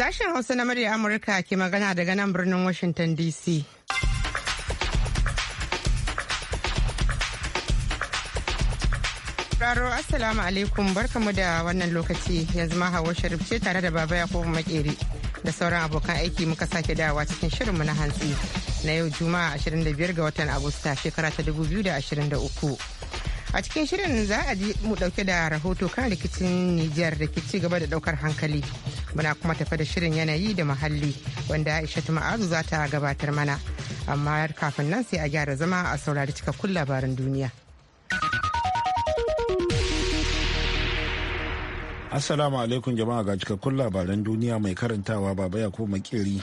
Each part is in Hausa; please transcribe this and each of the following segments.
Sashen Hausa na murya Amurka ke magana daga nan birnin Washington DC. Raro Assalamu alaikum barkamu da wannan lokaci yanzu ma hawa Sharif ce tare da Baba Yakubu Makeri da sauran abokan aiki muka sake dawa cikin shirin mu na hantsi na yau Juma'a 25 ga watan Agusta shekara ta 2023. a cikin shirin za a ji mu dauke da rahoto kan rikicin Nijar da ke ci gaba da daukar hankali muna kuma tafi da shirin yanayi da muhalli wanda aisha ma'azu za ta gabatar mana amma kafin nan sai a gyara zama a saurari cikakkun labaran duniya assalamu alaikum jama'a ga cikakkun labaran duniya mai karantawa baba yakubu makiri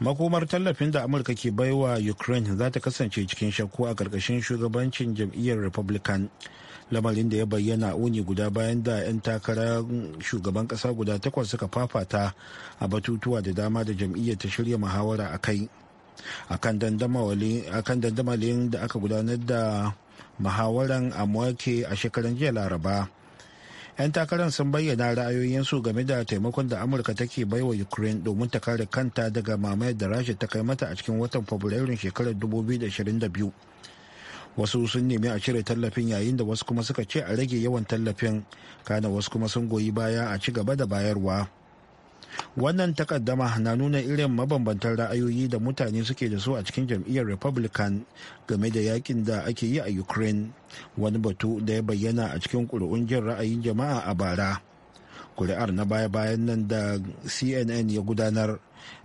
makomar tallafin da amurka ke baiwa ukraine za ta kasance cikin shakku a ƙarƙashin shugabancin jam'iyyar republican lamarin da ya bayyana uni guda bayan da 'yan takarar shugaban ƙasa guda takwas suka fafata a batutuwa da dama da jam'iyyar ta shirya muhawara a kai akan dandamalin da aka gudanar da muhawaran a a shekaran jiya laraba 'yan takarar sun bayyana ra'ayoyinsu game da taimakon da amurka take baiwa ukraine domin ta kare kanta daga mamayar da rasha ta kai mata a cikin watan fabrairun shekarar 2022 wasu sun nemi a cire tallafin yayin da wasu kuma suka ce a rage yawan tallafin kana wasu kuma sun goyi baya a ci gaba da bayarwa wannan takaddama na nuna irin mabambantan ra'ayoyi da mutane suke da su a cikin jam'iyyar republican game da yakin da ake yi a ukraine wani batu da ya bayyana a cikin ƙuri'un jin ra'ayin jama'a a bara ƙuri'ar na baya-bayan nan da cnn ya gudanar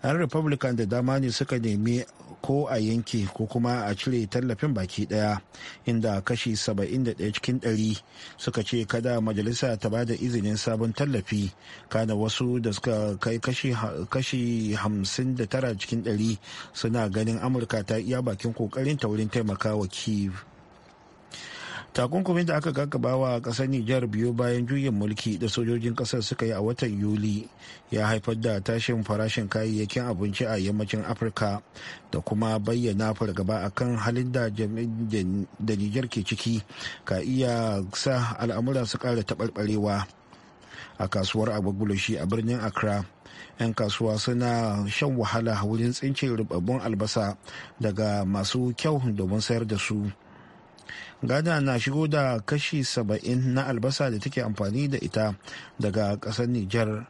'yan republican da dama ne suka nemi ko a yanke ko kuma a cire tallafin baki daya inda kashi 71 cikin 100 suka ce kada majalisa ta ba da izinin sabon tallafi kana wasu da suka kai kashi 59 cikin 100 suna ganin amurka ta iya bakin kokarin ta wurin wa kiev takunkumin da aka gaggaba wa kasar nijar biyu bayan juyin mulki da sojojin kasar suka yi a watan yuli ya haifar da tashin farashin kayayyakin abinci a yammacin afirka da kuma bayyana fargaba a kan halin da da nijar ke ciki ka iya sa al'amura su kara taɓarɓarewa a kasuwar agbagbuloshi a birnin accra 'yan kasuwa suna shan wahala wurin tsince rubabbun albasa daga masu kyau domin sayar da su. gada na shigo da kashi 70 na albasa da take amfani da ita daga kasar niger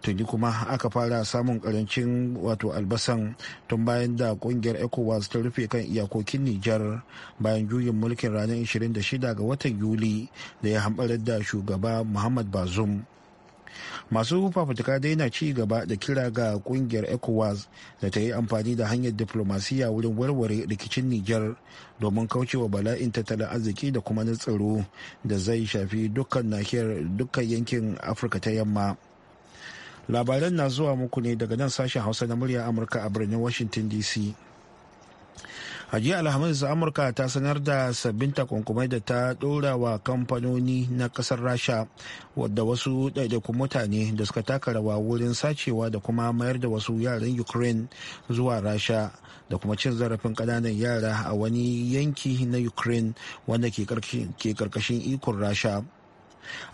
tuni kuma aka fara samun karancin wato albasan tun bayan da kungiyar ecowas ta rufe kan iyakokin niger bayan juyin mulkin ranar 26 ga watan yuli da ya hambarar da shugaba muhammad bazoum masu fafutuka dai na ci gaba da kira ga kungiyar ecowas da ta yi amfani da hanyar diplomasiya wurin warware rikicin niger domin kaucewa bala'in tattalin arziki da kuma na tsaro da zai shafi dukkan nahiyar dukkan yankin afirka ta yamma labaran na zuwa muku ne daga nan sashen hausa na murya amurka a birnin washington dc a jiya alhamis amurka ta sanar da sabbin takunkumai da ta dora wa kamfanoni na kasar rasha wadda wasu ɗaiɗaikun mutane da suka taka rawa wurin sacewa da kuma mayar da wasu yaran ukraine zuwa rasha da kuma cin zarafin ƙananan yara a wani yanki na ukraine wanda ke karkashin ikon rasha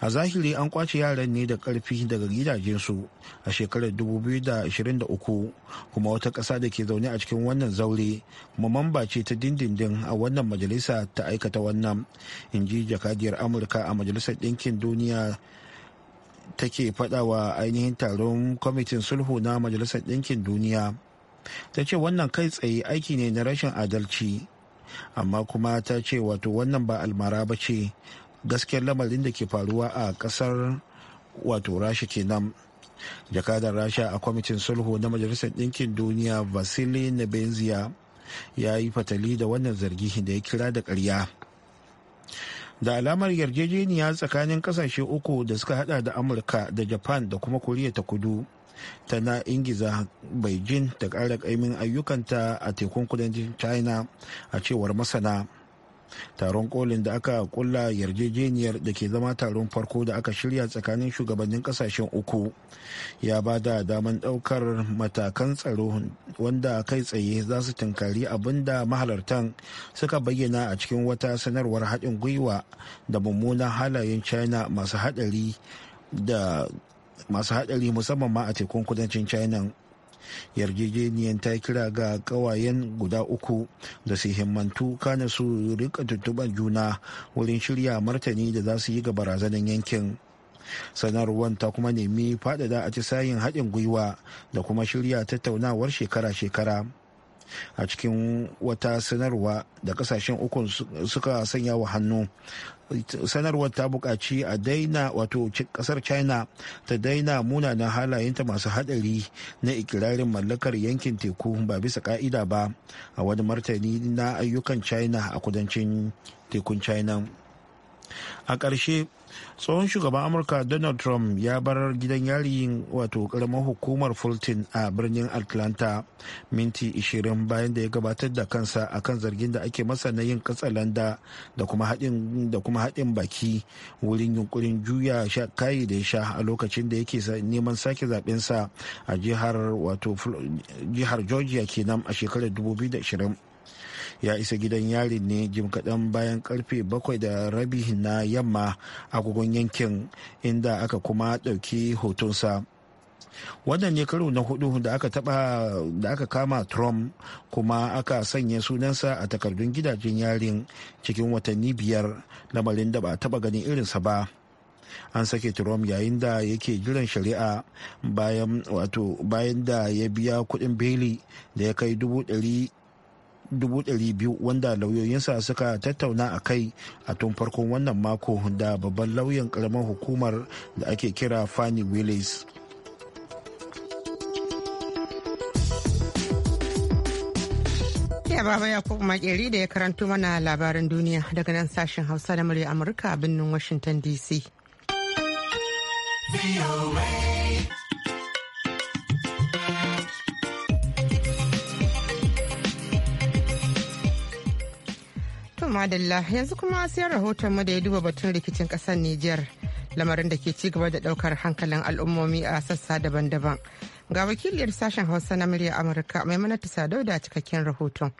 a zahiri an kwace yaran ne da karfi daga gidajensu a shekarar 2023 kuma wata ƙasa da ke zaune a cikin wannan zaure kuma mamba ce ta dindindin a wannan majalisa ta aikata wannan in ji jakadiyar amurka a majalisar ɗinkin duniya ta ke wa ainihin taron kwamitin sulhu na majalisar ɗinkin duniya ta ce wannan kai tsaye aiki ne na rashin adalci amma kuma ta ce wato wannan ba almara ba ce gaskiyar lamarin da ke faruwa a kasar wato rasha kenan jakadar rasha a kwamitin sulhu na majalisar ɗinkin duniya vasili nebenzia ya yi fatali da wannan zargi da ya kira da karya da alamar yarjejeniya tsakanin kasashe uku da suka hada da amurka da japan da kuma koriya ta kudu ta na ingiza beijing ta kara ƙaimin ayyukanta a tekun kudancin china a cewar masana taron kolin da aka kulla yarjejeniyar da ke zama taron farko da aka shirya tsakanin shugabannin kasashen uku ya ba da daman daukar matakan tsaro wanda kai tsaye za su tunkari abin da mahalartan suka bayyana a cikin wata sanarwar haɗin gwiwa da mummunan halayen china masu haɗari masu haɗari musamman ma a tekun kudancin china yarjejeniyar ta kira ga kawayen guda uku da su himmantu kana su rika tuntuɓar juna wurin shirya martani da za su yi ga barazanin yankin sanarwar ta kuma nemi faɗaɗa a tisayin haɗin gwiwa da kuma shirya tattaunawar shekara-shekara a cikin wata sanarwa da ƙasashen uku suka sanya wa hannu sanarwar ta bukaci a daina wato ƙasar china ta daina munanan halayenta masu hadari na ikirarin mallakar yankin teku ba bisa ka'ida ba a wani martani na ayyukan china a kudancin tekun china. a ƙarshe tsohon shugaban amurka donald trump ya bar gidan yari wato karamar hukumar fulton a birnin atlanta minti 20 bayan da ya gabatar da kansa a kan zargin da ake masa na yin katsalanda da kuma haɗin baki wurin yunkurin juya kayi da ya sha a lokacin da yake neman sake zaɓensa a jihar georgia kenan a shekarar 2020 ya isa gidan yarin ne jim kaɗan bayan karfe bakwai da rabi na yamma agogon yankin inda aka kuma ɗauki hotonsa wannan ne karo na hudu da aka taba da aka kama trump kuma aka sanya sunansa a takardun gidajen yarin cikin watanni biyar lamarin da ba taba ganin irinsa ba an sake trump yayin da yake jiran shari'a bayan wato bayan da ya biya kudin beli da ya kai dubu ɗari biyu wanda lauyoyinsa suka tattauna a kai a tun farkon wannan mako da babban lauyan karamar hukumar da ake kira Fanny Willis. Ya baba ya kuma makeri da ya karanto mana labarin duniya daga nan sashen Hausa da murya Amurka a birnin Washington DC. madalla yanzu kuma sai rahoton mu da ya duba batun rikicin kasar Nijar lamarin da ke ci gaba da daukar hankalin al'ummomi a sassa daban-daban. Ga wakiliyar sashen Hausa na murya Amurka mana Sadau da cikakken rahoton.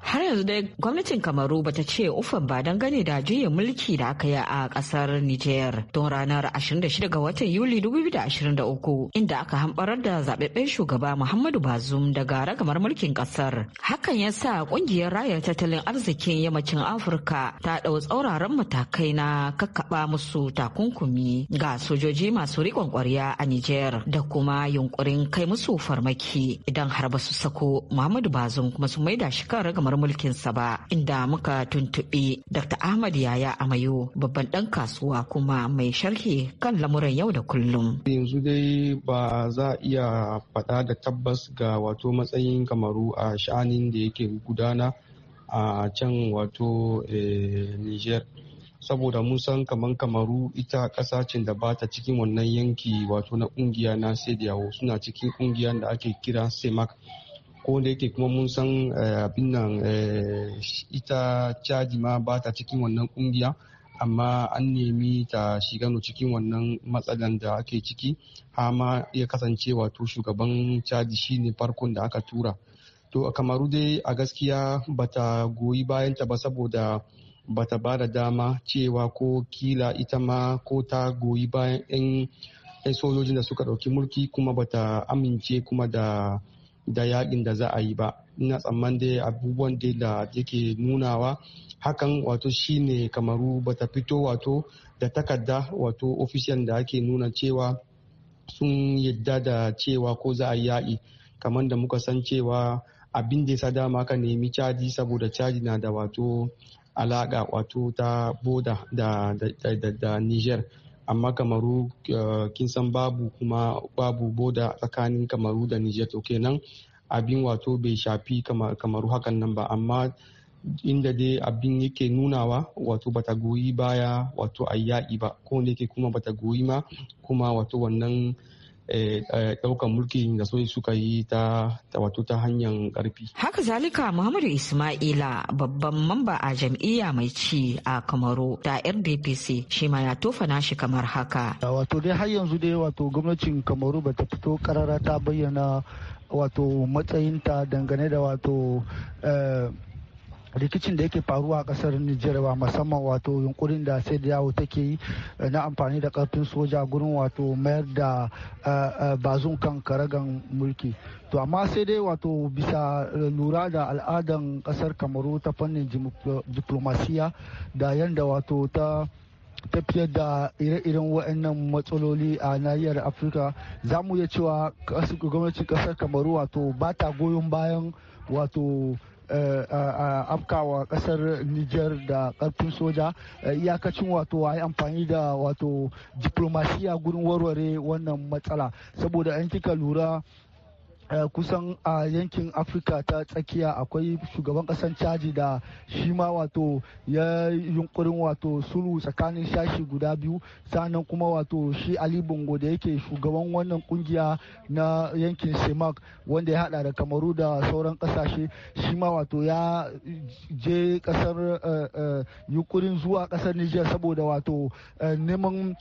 Har yanzu dai gwamnatin Kamaru bata ce ufan ba dangane da juyin mulki da aka yi a kasar Niger don ranar 26 ga watan Yuli 2023 inda aka hambarar da zababben shugaba Muhammadu Bazum daga ragamar mulkin kasar. Hakan ya sa ƙungiyar raya tattalin arzikin yammacin Afirka ta ɗau tsauraran matakai na kakkaɓa musu takunkumi ga sojoji masu riƙon ƙwarya a Niger da kuma yunƙurin kai musu farmaki idan har ba su sako Muhammadu Bazum kuma su maida shi kan ragamar ragamar mulkinsa ba inda muka tuntuɓi Dr. Ahmad Yaya Amayo babban ɗan kasuwa kuma mai sharhi kan lamuran yau da kullum. Yanzu dai ba za a iya faɗa da tabbas ga wato matsayin kamaru a sha'anin da yake gudana a can wato eh, Niger. saboda mun san kamar kamaru ita ƙasa ce da ba ta cikin wannan yanki wato na ƙungiya na sediyawo suna cikin ƙungiyar da ake kira semak ko da yake kuma mun san eh, abin nan eh, ita caji ma ba ta cikin wannan kungiya amma an nemi ta shiga cikin wannan matsalan da ake ciki hama ya kasance wato shugaban caji shine farkon da aka tura to a kamaru dai a gaskiya bata goyi bayanta ba saboda bata ba da dama cewa ko kila ita ma ko ta goyi bayan 'yan sojojin da suka ɗauki mulki kuma bata amince kuma da da yakin da za a yi ba ina tsamman dai abubuwan dai da yake nunawa hakan wato shine kamaru bata fito wato da takarda wato ofishiyan da ake nuna cewa sun yadda da cewa ko za a yi yaƙi kamar da muka san cewa abin da ya dama ka nemi caji saboda caji na da wato alaƙa wato ta boda da, da, da, da niger amma kamaru eh, kin san babu kuma babu boda tsakanin kamaru da niger to kenan abin wato bai shafi kamaru hakan nan ba amma inda dai abin yake nunawa wato bata goyi baya wato ayyaki ba ko ne ke kuma bata goyi ma kuma wato wannan daukan eh, eh, mulkin da so suka yi ta wato ta hanyar karfi. Haka zalika Muhammadu Ismaila babban mamba a jam'iyya mai ci a Kamaru ta RDPC shi ma ya tofa nashi kamar haka. Wato dai har yanzu dai wato gwamnatin Kamaru bata fito karara ta bayyana wato matsayinta dangane da wato eh, rikicin da yake faruwa a kasar Nijar ba musamman wato yunkurin da sai da yawo take yi eh, na amfani da karfin soja gurin wato mayar da eh, eh, bazun kan karagan mulki to amma sai dai wato bisa lura da al'adan kasar kamaru ta fannin diplomasiya da yanda wato ta tafiyar da ire-iren waɗannan matsaloli a nahiyar afirka za mu iya cewa gwamnatin kasar kamaru wato ba ta goyon bayan wato Eh, afkawa kasar Nijar da karfin soja eh, iyakacin wato a yi amfani da wato diplomasiya gurin warware wannan matsala saboda an kika lura Eh, kusan a yankin afirka ta tsakiya akwai shugaban kasan caji da shi ma wato ya yunkurin wato sulhu tsakanin shashi guda biyu sannan kuma wato shi ali bongo da yake shugaban wannan kungiya na yankin semak wanda ya hada da kamaru da sauran kasashe shi ma wato ya je kasar eh, eh, yunkurin zuwa kasar niger saboda wato neman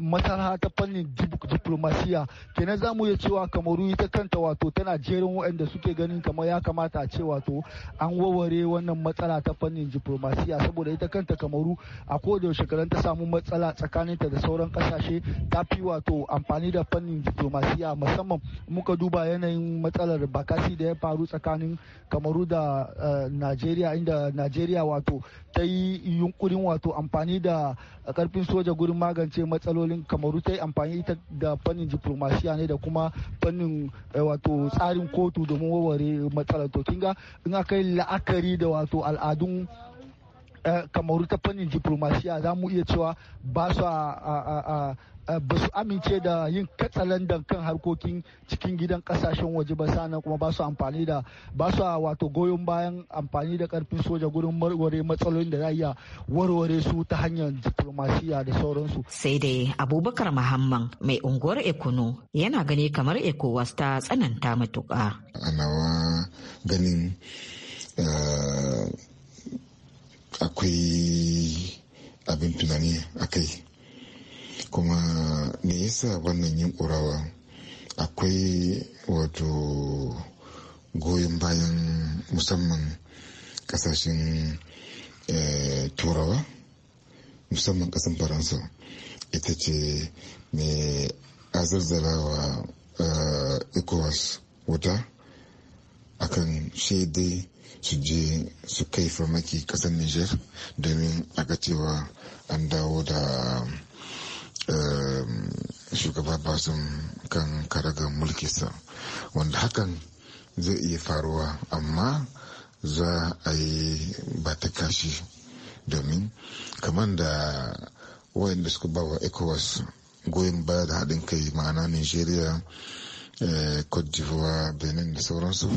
masarha ta fannin diplomasiya kenan za mu iya cewa kamaru ita kanta wato wato tana jerin waɗanda suke ganin kamar ya kamata a ce wato an warware wannan matsala ta fannin diplomasiya saboda ita kanta kamaru a koda yaushe karan ta samu matsala tsakaninta da sauran kasashe ta fi wato amfani da fannin diplomasiya musamman muka duba yanayin matsalar bakasi da ya faru tsakanin kamaru da eh, najeriya inda najeriya wato ta yi yunkurin wato amfani da karfin soja gurin magance matsalolin kamaru ta yi amfani da fannin diplomasiya ne da kuma fannin eh, wato tsarin kotu domin warware matsalar to kinga in aka yi la'akari da wato al'adun Eh, kamaru ta fannin diplomasiya za mu iya cewa ba su a ba su amince da yin katsalandan kan harkokin cikin gidan kasashen waje ba sanan kuma ba su amfani da ba su wato goyon bayan amfani da karfin soja gurin warware matsalolin da za iya warware su ta hanyar diplomasiya da sauransu. sai dai abubakar muhammad mai unguwar ekunu yana gani kamar ecowas ta tsananta matuƙa. nawa ganin eh, akwai abin tunani a kai kuma me yasa wannan yunkurawa akwai wato goyon bayan musamman kasashen eh, turawa musamman kasan faransa ita ce mai azarzara wa eh, ecowas wuta akan shaidai su je su kai farmaki kasar niger domin a ga cewa an dawo da ehm, shugaba basun kan karagar mulkinsa wanda hakan zai iya faruwa amma za a yi bata kashi domin kamar da wayanda suka bawa wa ecowas goyon baya da haɗin kai ma'ana nigeria Eh, cote d'ivoire benin da sauransu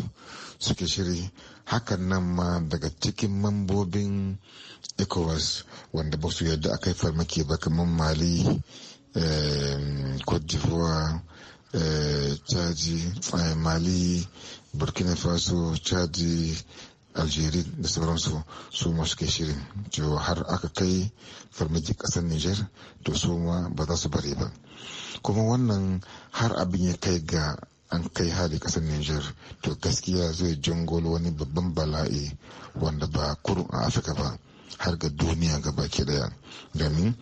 suke shiri hakan nan ma daga cikin mambobin ecowas wanda ba su yarda aka yi farmaki ba kamar mali eh, cote d'ivoire eh, chadi mali burkina faso chadi algeria da sauransu su ma suke shirin cewa har aka kai farmaki kasar niger to su ma ba za su bari ba kuma wannan har abin ya kai ga an kai hari kasar niger to gaskiya zai jangol wani babban bala'i wanda ba kurun a afirka ba har ga duniya ga baki daya domin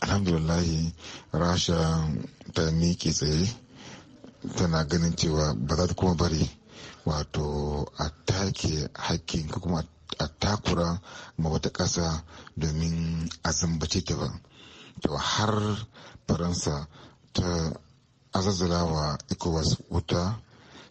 alhamdulillahi rasha ta miƙe tsaye tana ganin cewa ba za ta kuma bari wato a take hakkin ko kuma a takura ma wata ƙasa domin a zambace ta ba to har faransa ta azazzala wa ecowas wuta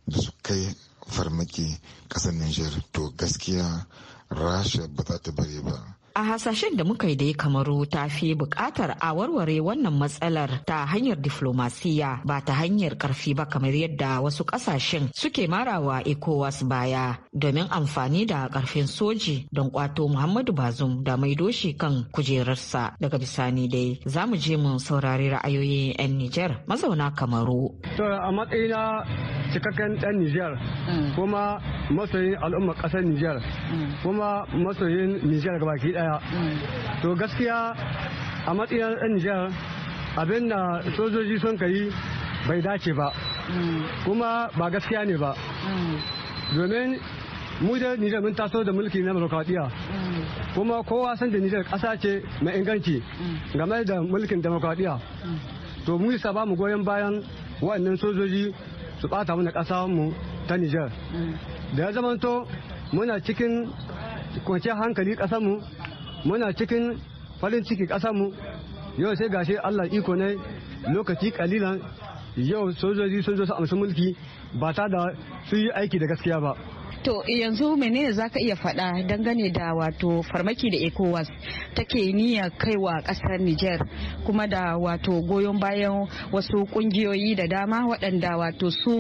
da su kai farmaki ƙasar niger to gaskiya rasha ba za ta bari ba a hasashen da muka yi da kamaru ta fi bukatar a warware wannan matsalar ta hanyar diflomasiya ba ta hanyar karfi ba kamar yadda wasu ƙasashen suke marawa ecowas baya domin amfani da karfin soji don kwato muhammadu bazum da mai doshi kan kujerarsa daga bisani dai za mu je mu saurari ra'ayoyin 'yan nijar mazauna kamaru a matsayina cikakken ɗan Nijar mm. kuma masoyin al'umma ƙasar Nijar mm. kuma masoyin Nijar gabaki ɗaya baya to gaskiya a matsayin ɗan nijar abin da sojoji sun kai bai dace ba kuma ba gaskiya ne ba domin mu da nijar mun taso da mulki na demokradiyya kuma kowa san da nijar ƙasa ce mai inganci game da mulkin demokradiyya to mu isa ba mu goyon bayan waɗannan sojoji su ɓata mana ƙasa mu ta nijar da ya zamanto muna cikin kwanciyar hankali ƙasar mu muna cikin farin ciki mu yau sai gashi allah iko ne lokaci kalilan yau sojoji sun zo su amsa mulki ba ta da su yi aiki da gaskiya ba To yanzu mene za ka iya faɗa dangane da wato farmaki da ECOWAS take niyya kaiwa ƙasar niger kuma da wato goyon bayan wasu ƙungiyoyi da dama waɗanda wato su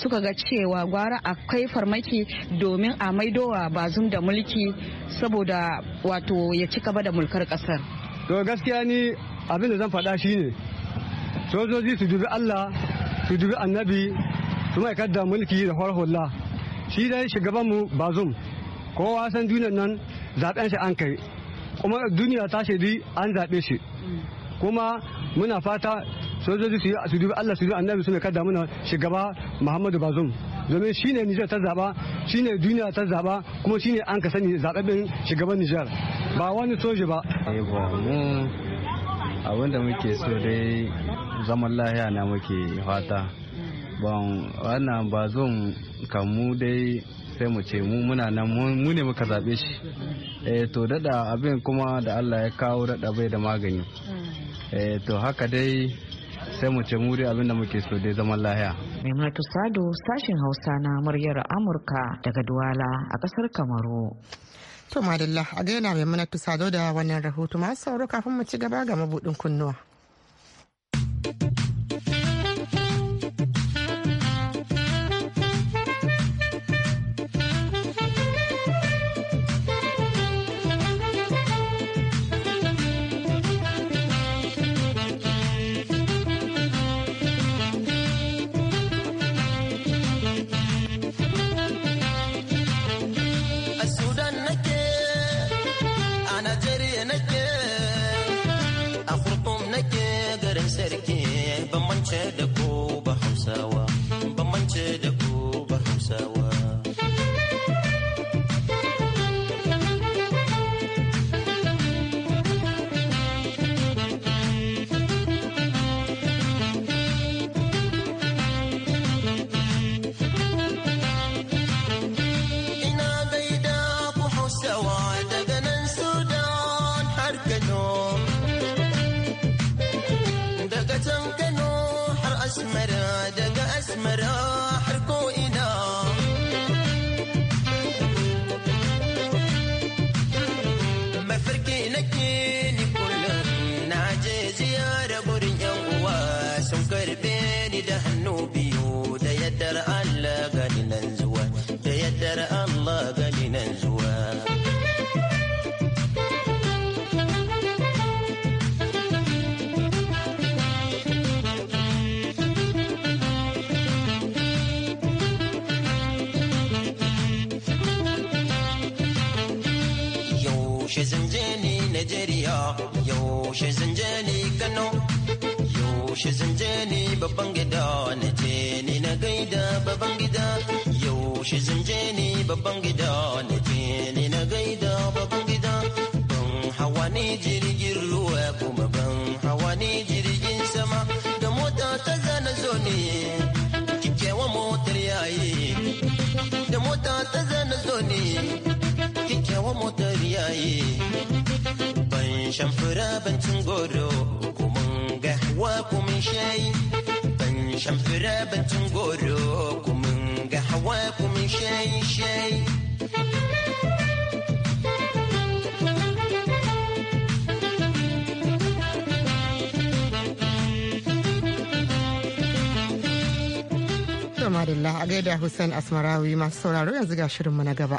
suka ga cewa gwara akwai farmaki domin a maidowa bazum da mulki saboda wato ya ci gaba da mulkar kasar. To gaskiya ni abin da zan faɗa shine sojoji su dubi Allah su dubi annabi su da mulki da farhullah shi dai shugabanmu bazum kowa san duniyar nan zaben shi an kai kuma duniya ta shaidi an zaɓe shi kuma muna fata sojoji su yi sudu Allah su yi annabi suna kada muna shugaba Muhammadu Bazum domin shine Nijar ta zaba ne duniya ta zaba kuma shi ne an ka sani zaɓaɓɓen shugaban Nijar ba wani soja ba mu abinda muke so dai zaman lahiya na muke fata ban wannan ba zon kamu dai sai mu ce mu muna nan mu ne muka zaɓe shi eh to dada abin kuma da Allah ya kawo dada bai da magani hmm. eh to haka dai sai mu ce mu dai abin da muke so dai zaman lahiya Maimatu Sado sashin Hausa na muryar Amurka daga Duwala a kasar Kamaru To madalla a gaina Maimunatu Sado da wannan rahoto masu sauro kafin mu ci gaba ga mabudin kunnuwa. no yaushe zanje ni Najeriya Kano yaushe zanje ni babban ni na gaida yaushe zanje ni ni na gaida ban hawa jirgin ruwa kuma ban hawa jirgin sama da mota ta zana zo ne kikewa motar yayi da mota ta zana zo ne kikewa motar maye ban shan fura ban tun goro ko mun ga hawa ko mun shayi ban shan fura ban tun goro ko mun ga hawa ko mun shayi shayi Alhamdulillah a gaida Hussein Asmarawi masu sauraro yanzu ga shirinmu na gaba.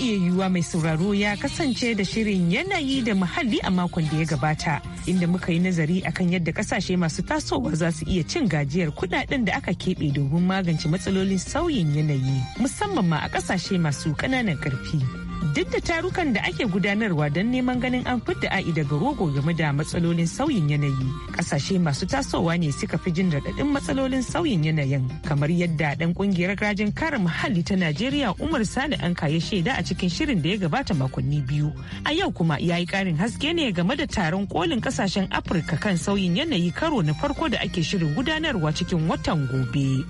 iya yiwuwa mai sauraro ya kasance da shirin yanayi da muhalli a makon da ya gabata inda muka yi nazari akan yadda kasashe masu tasowa za su iya cin gajiyar kudaden da aka keɓe domin magance matsalolin sauyin yanayi musamman ma a kasashe masu ƙananan ƙarfi. duk da tarukan da ake gudanarwa don neman ganin an fidda a'i daga rogo game da matsalolin sauyin yanayi kasashe masu tasowa ne suka fi jin raɗaɗin matsalolin sauyin yanayin kamar yadda ɗan ƙungiyar rajin kare muhalli ta najeriya umar sani an kaye shaida a cikin shirin da ya gabata makonni biyu a yau kuma ya yi ƙarin haske ne game da taron kolin kasashen afirka kan sauyin yanayi karo na farko da ake shirin gudanarwa cikin watan gobe.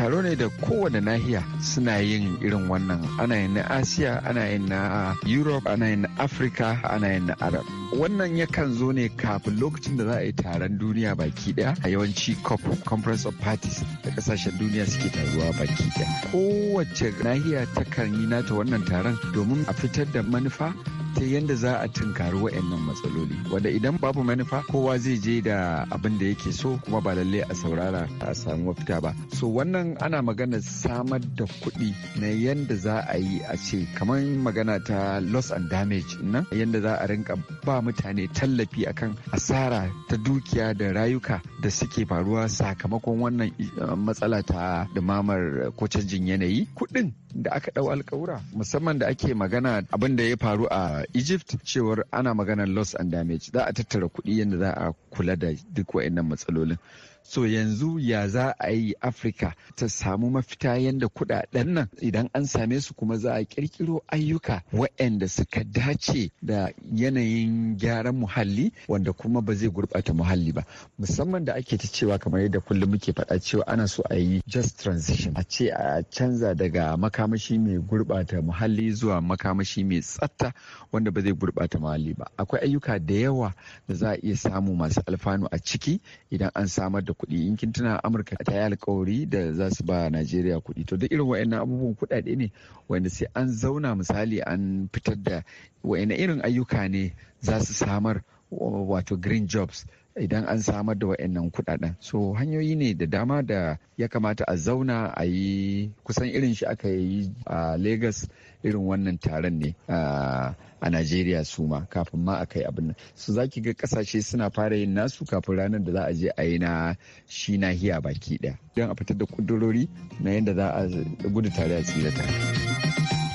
taro ne da kowane nahiya suna yin irin wannan ana yin na asiya ana yin na uh, europe ana yin na afirka ana yin na arab wannan yakan zo ne kafin lokacin da za a yi taron duniya baki daya a yawanci cop conference of parties da kasashen duniya suke taruwa baki daya kowace nahiya ta kan yi nata wannan taron domin a fitar da manufa ta yadda za a tunkari wa'annan matsaloli wanda idan babu manufa kowa zai je da abin da yake so kuma ba lalle a saurara a samu mafita ba so wannan ana magana samar da kuɗi na yadda za a yi a ce kamar magana ta loss and damage nan yadda za a rinka ba mutane tallafi akan asara ta dukiya da rayuka da suke faruwa sakamakon wannan eh, matsala ta dumamar ko canjin yanayi kuɗin da aka ɗau alkawura musamman da ake magana abin da ya faru a egypt cewar ana maganar loss and damage za a tattara kuɗi yadda za a kula da duk wa'annan matsalolin so yanzu ya za a yi afirka ta samu mafita yadda kudaden nan idan an same su kuma za a kirkiro ayyuka waɗanda suka dace da yanayin gyaran muhalli wanda kuma ba zai gurɓata muhalli ba musamman da ake ta cewa kamar yadda kullum muke faɗa cewa ana so a yi just transition a ce a canza daga makamashi mai gurɓata muhalli zuwa makamashi mai tsafta wanda ba zai gurɓata muhalli ba akwai ayyuka da yawa da za a iya samu masu alfanu a ciki idan an samar da da kuɗi in kin tuna amurka ta yi alkawari da za su ba najeriya kuɗi to duk irin wa'annan abubuwan kuɗaɗe ne wanda sai an zauna misali an fitar da wa'annan irin ayyuka ne za su samar wato green jobs idan an samar da wa'annan kuɗaɗen so hanyoyi ne da dama da ya kamata a zauna a yi kusan irin shi aka yi a lagos irin wannan taron ne a Najeriya su ma kafin ma a kai abin Su za ki ga kasashe suna fara yin nasu kafin ranar da za a je a yi na shi nahiya baki ɗaya. Don a fitar da kudurori na yadda za a gudu tare a tsira tare.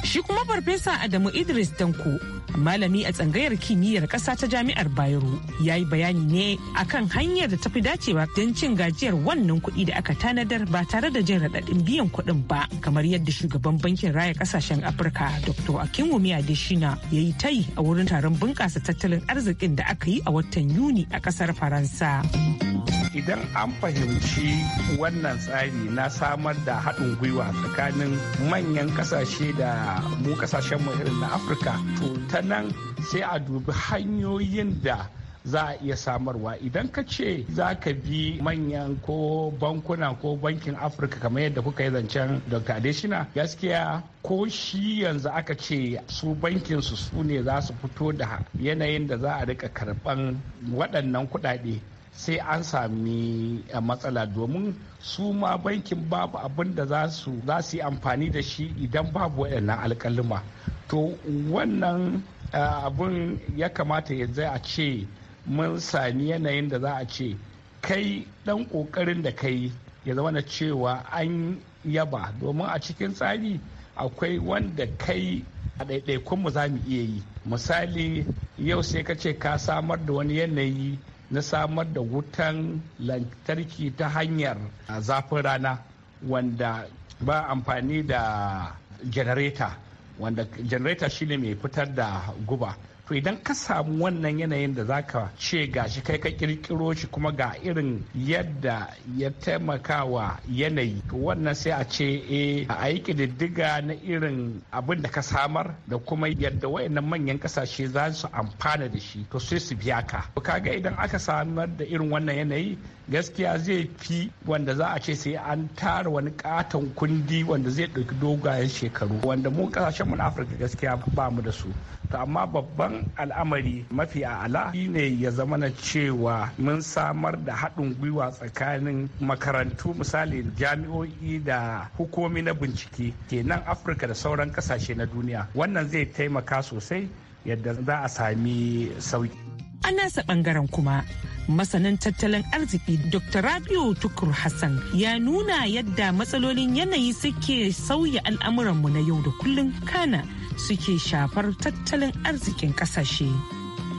Shi kuma Farfesa Adamu Idris Danko malami a tsangayar kimiyyar ƙasa ta jami'ar bayero ya yi bayani ne akan hanyar da ta tafi dacewa don cin gajiyar wannan kuɗi da aka tanadar ba tare da jin raɗaɗin biyan kuɗin ba kamar yadda shugaban bankin raya ƙasashen afirka dr akinwumi adeshina ya yi tayi a wurin taron bunƙasa tattalin arzikin da aka yi a watan yuni a ƙasar faransa. idan an fahimci wannan tsari na samar da haɗin gwiwa tsakanin manyan ƙasashe da mu ƙasashen mu irin na afirka to ta nan sai a dubi hanyoyin da za a iya samarwa idan ka ce za ka bi manyan ko bankuna ko bankin afirka kamar yadda kuka yi zancen dr adeshina gaskiya ko shi yanzu aka ce su bankin su su ne za su fito da yanayin da za a rika karban waɗannan kuɗaɗe sai an sami eh, matsala domin su ma bankin babu abin da za su yi amfani da shi idan babu waɗannan alƙaluma to wannan eh, abin ya kamata yanzu a ce mun sami yanayin da za a ce kai ɗan ƙoƙarin da kai ya zama na cewa an yaba domin a cikin tsari akwai wanda kai a ɗaiɗaikunmu za mu iya yi misali yau sai ka ce ka samar da wani yanayi na samar da wutan lantarki ta hanyar zafin rana wanda ba amfani da janareta wanda janareta shine mai fitar da guba to idan ka samu wannan yanayin da za ka ce ga shi kai ka kirkiro shi kuma ga irin yadda ya taimaka wa yanayi to wannan sai a ce e a yi kididdiga na irin abin da ka samar da kuma yadda wayannan manyan kasashe za su amfana da shi to sai su biya ka to kaga idan aka samar da irin wannan yanayi gaskiya zai fi wanda za a ce sai an tara wani katon kundi wanda zai ɗauki dogayen shekaru wanda mu ƙasashen mu na afirka gaskiya ba mu da su to amma babban al'amari mafi a'ala shine ya zama na cewa mun samar da haɗin gwiwa tsakanin makarantu misali jami'o'i da hukumi na bincike ke nan afirka da sauran ƙasashe na duniya wannan zai taimaka sosai yadda za a sami sauki a nasa bangaren kuma masanin tattalin arziki dr rabiu tukur hassan ya nuna yadda matsalolin yanayi suke sauya al'amuranmu na yau da kullum kana suke shafar tattalin arzikin kasashe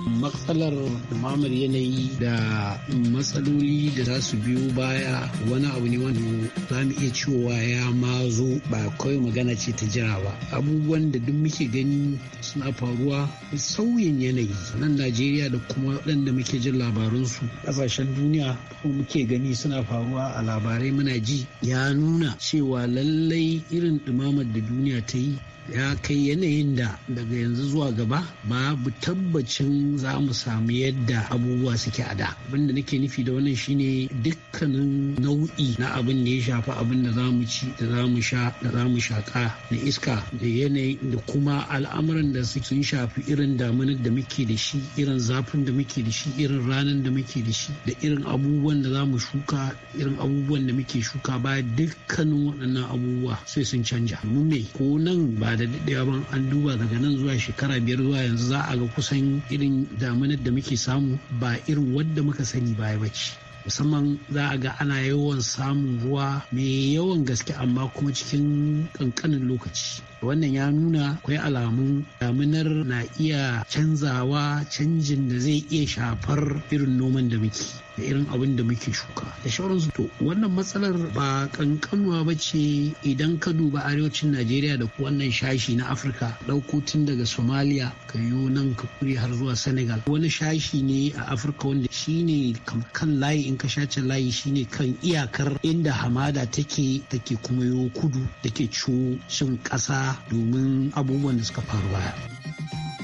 matsalar mamar yanayi da matsaloli da za su biyo baya wani abu ne wani za mu iya cewa ya ma zo ba kawai magana ce ta jira ba abubuwan da duk muke gani suna faruwa sauyin yanayi nan najeriya da kuma waɗanda muke jin labarunsu ƙasashen duniya ko muke gani suna faruwa a labarai muna ji ya nuna cewa lallai irin ɗumamar da duniya ta yi ya kai yanayin da daga yanzu zuwa gaba babu tabbacin za mu samu yadda abubuwa suke a da abin da nake nufi da wannan shine dukkanin nau'i na abin da ya shafi abin da za mu ci da za mu sha da za mu shaka na iska da yanayi da kuma al'amuran da sun shafi irin damunar da muke da shi irin zafin da muke da shi irin ranar da muke da shi da irin abubuwan da za mu shuka irin abubuwan da muke shuka ba dukkanin waɗannan abubuwa sai sun canja mu me ko nan ba da daɗewa ban an duba daga nan zuwa shekara biyar zuwa yanzu za a ga kusan irin damunar da muke samu ba irin wadda muka sani baya bace musamman za a ga ana yawan samun ruwa mai yawan gaske amma kuma cikin kankanin lokaci wannan ya nuna akwai alamun daminar na iya canzawa canjin da zai iya shafar irin noman da muke da irin abin da muke shuka da shauransu to wannan matsalar ba kankanuwa ba ce idan ka duba arewacin najeriya da wannan shashi na afirka ɗauko tun daga somalia ka yi nan ka kuri har zuwa senegal wani shashi ne a afirka wanda shine kan layi in ka shace layi shine kan iyakar inda hamada take take kuma yiwu kudu da ke ciwo shin ƙasa domin abubuwan da suka faru baya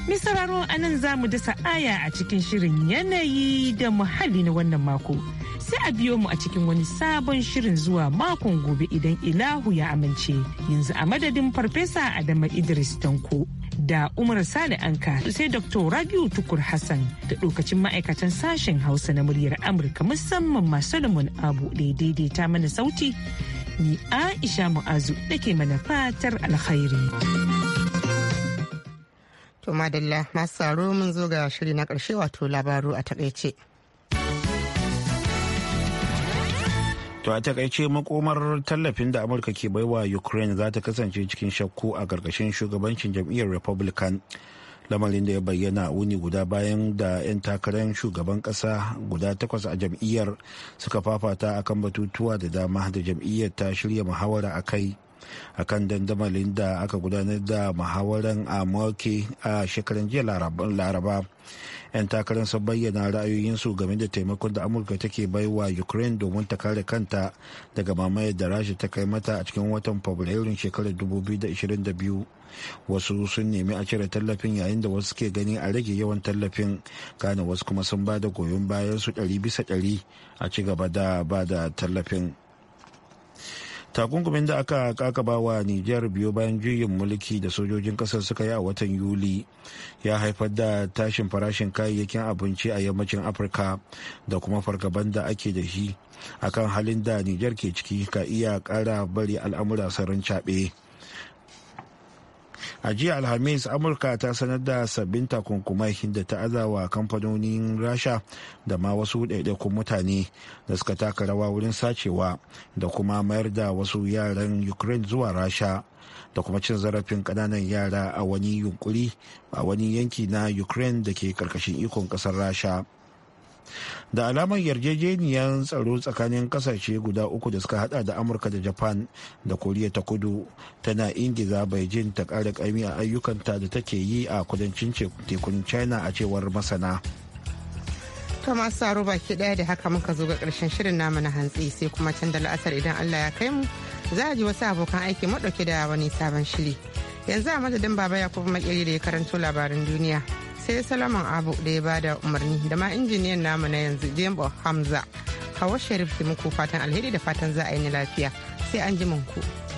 Mai sauraro a za mu dasa aya a cikin shirin yanayi da muhalli na wannan mako. Sai a biyo mu a cikin wani sabon shirin zuwa makon gobe idan ilahu ya amince. Yanzu a madadin Farfesa Adama Idris Tanko. Da Umar Sani Anka sai Dr. Rabiu Tukur Hassan da lokacin ma'aikatan sashen Hausa na muryar Amurka musamman ma Solomon Abu da ya daidaita mana sauti. Ni Aisha Mu'azu ke mana fatar alkhairi. To madalla masu tsaro mun zo ga shiri na karshe wato labaru a takaice. To a takaice makomar tallafin da Amurka ke baiwa Ukraine za ta kasance cikin shakku a ƙarƙashin shugabancin jam'iyyar Republican. Lamarin da ya bayyana wuni guda bayan da 'yan takarar shugaban kasa guda takwas a jam'iyyar suka fafata akan batutuwa da dama da jam'iyyar ta shirya muhawara a kai. a kan dandamalin da aka gudanar da muhawarar a Morke a shekaran jiya Laraba. 'Yan takarar sun bayyana ra'ayoyinsu game da taimakon da Amurka take baiwa Ukraine domin ta kare kanta daga mamayar da Rasha ta kai mata a cikin watan Fabrairun shekarar 2022. Wasu sun nemi a cire tallafin yayin da wasu ke gani a rage yawan tallafin gane wasu kuma sun ba da goyon bayan su ɗari bisa ɗari a ci gaba da bada tallafin. takunkumin da aka kakaba wa nijar biyo bayan juyin mulki da sojojin kasar suka yi a watan yuli ya haifar da tashin farashin kayayyakin abinci a yammacin afirka da kuma fargaban da ake da shi akan halin da nijar ke ciki ka iya kara bari al'amura sarin caɓe a jiya alhamis amurka ta sanar da sabbin takunkumai da ta azawa kamfanonin rasha da ma wasu ɗaiɗaikun mutane da suka taka rawa wurin sacewa da kuma mayar da wasu yaran ukraine zuwa rasha da kuma cin zarafin ƙananan yara a wani yunkuri a wani yanki na ukraine da ke ƙarƙashin ikon ƙasar rasha da alamar yarjejeniyar tsaro tsakanin kasashe guda uku da suka hada da amurka da japan da koriya ta kudu tana ingiza beijing ta kara kami a ayyukanta da take yi a kudancin tekun china a cewar masana to masu aro baki daya da haka muka zo ga karshen shirin namu na hantsi sai kuma can da la'asar idan allah ya kai mu za a ji wasu abokan aiki madauke da wani sabon shiri yanzu a madadin baba yakubu makeri da ya karanto labaran duniya sai salaman abu da ya bada umarni da ma injiniyan namu na yanzu jembo hamza hawa sharif muku fatan alheri da fatan za a yi ni lafiya sai an ji ku.